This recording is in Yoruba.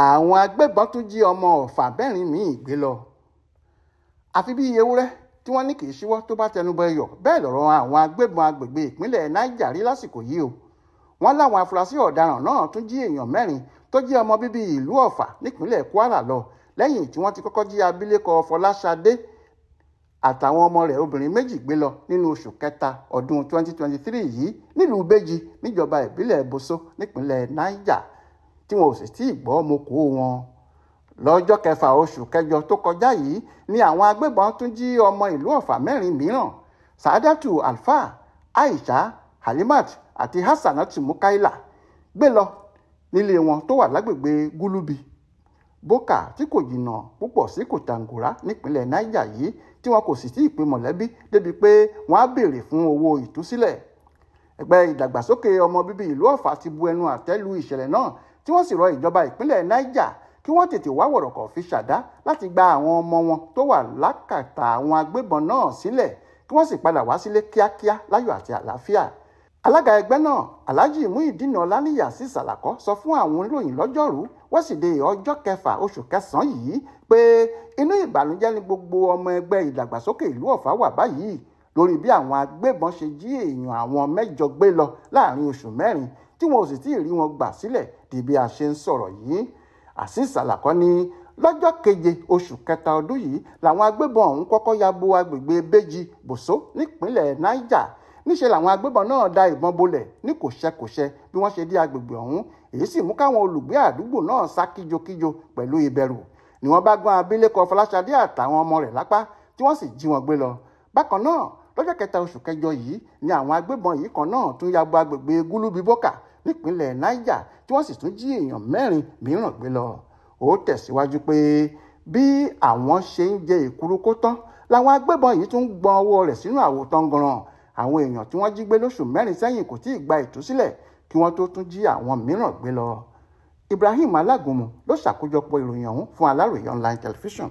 àwọn agbébọn tún jí ọmọ ọ̀fà bẹ́rin míì gbé lọ àfi bí ewúrẹ́ tí wọ́n ní kì í ṣíwọ́ tó bá tẹnubọ ẹyọ bẹ́ẹ̀ lọ̀rọ̀ àwọn agbébọn agbègbè ìpínlẹ̀ niger rí lásìkò yìí o wọ́n láwọn afurasí ọ̀daràn náà tún jí èèyàn mẹ́rin tó jẹ́ ọmọ bíbí ìlú ọ̀fà nípínlẹ̀ kwara lọ lẹ́yìn tí wọ́n ti kọ́kọ́ jí abilékọ fọláṣadé àtàwọn ọmọ rẹ̀ obìnrin méjì gbé lọ nínú oṣù kẹta ọdún 2023 yìí nílùú bẹ́jì níjọba ìbílẹ̀ boso nípínlẹ̀ niger tí wọn ò sì tí ì gbọ́ mokò wọn lọ́jọ́ kẹfà oṣù kẹjọ tó kọjá yìí ni àwọn agbébọn tún jí ọmọ ìlú ọ̀fà mẹ́rin mìíràn sàádàtù alfa aisha halimat àti hasanatu mukaila gbé lọ nílé wọn tó wà lágbègbè gúlúbi bókà tí kò jìnnà púpọ̀ sí kòtàngórá nípínlẹ̀ niger yìí tí wọn kò sì tí ì pe mọ̀lẹ́bí débi pé wọ́n á béèrè fún owó ìtúsílẹ̀ ẹgbẹ́ ìdàgbàsókè ọmọ bíbí ìlú ọ̀fà ti bu ẹnu àtẹ́ ìṣẹ̀lẹ̀ náà tí wọ́n sì rọ ìjọba ìpínlẹ̀ Niger kí wọ́n tètè wá wọ̀rọ̀kọ̀ fi ṣàdá láti gba àwọn ọmọ wọn tó wà lákàtà àwọn agbébọn náà sílẹ̀ kí wọ́n sì padà wá sílé kíákíá láyọ̀ àti àlàáfíà alága ẹgbẹ́ náà alhaji muhyiddin ọláníyà sí sàlàkọ́ sọ fún àwọn oníròyìn lọ́jọ́rú wẹ́sídẹ̀ẹ́ ọjọ́ kẹfà oṣù kẹsàn-án yìí pé inú ìbànújẹ́ ni gbogbo ọmọ ẹgbẹ́ ìdàgbàsókè ìlú ọ̀fà wà báyìí lórí bí àwọn agbébọn ṣe jí èèyàn àwọn mẹ́jọ gbé lọ láàrin oṣù mẹ́rin tí wọn ò sì tí ì rí wọn gbà sílẹ̀ di bí a ṣe ń sọ̀rọ̀ yìí Azeez Alakọ ní lọ́jọ́ keje oṣù kẹta ọdún yìí làwọn agbébọn ọ̀hún kọ́kọ́ ya bo agbègbè Béjì Bòsó nípínlẹ̀ Niger níṣẹ́ làwọn agbébọn náà da ìbọn bolẹ̀ ní kòṣẹ́kòṣẹ́ bí wọ́n ṣe dé agbègbè ọ̀hún èyí sì mú káwọn olùgbé àdúgbò náà sá kíjokíjo pẹ̀lú ìbẹ̀rù ni wọ́n bá gbọ́n abilékọ Fọláṣadé àtàwọn ọmọ rẹ̀ lápá tí wọ́n sì jí wọn gbé lọ bákan náà lọ́jọ́ kẹta oṣù kẹjọ yìí ni àwọn agbébọn yìí kan náà tún ya bo agbègbè gúlúbíbọ́kà nípínlẹ̀ niger tí wọ́n sì tún jí èèyàn mẹ́rin mìíràn gbé lọ ó tẹ̀síwájú pé bí àwọn ṣe ń jẹ ìkúrú kó tán làwọn agbébọn yìí tún gbọn ọwọ́ rẹ̀ sínú àwòtánganran àwọn èèyàn tí wọ́n jí gbé lóṣù mẹ́rin sẹ́yìn kò tí ì gba ìtúsílẹ̀ kí wọ́n tó tún jí àwọn mìíràn gbé lọ Ibrahim Alágúnmu ló ṣàkójọpọ̀ ìròyìn ọ̀hún fún Aláròye online television.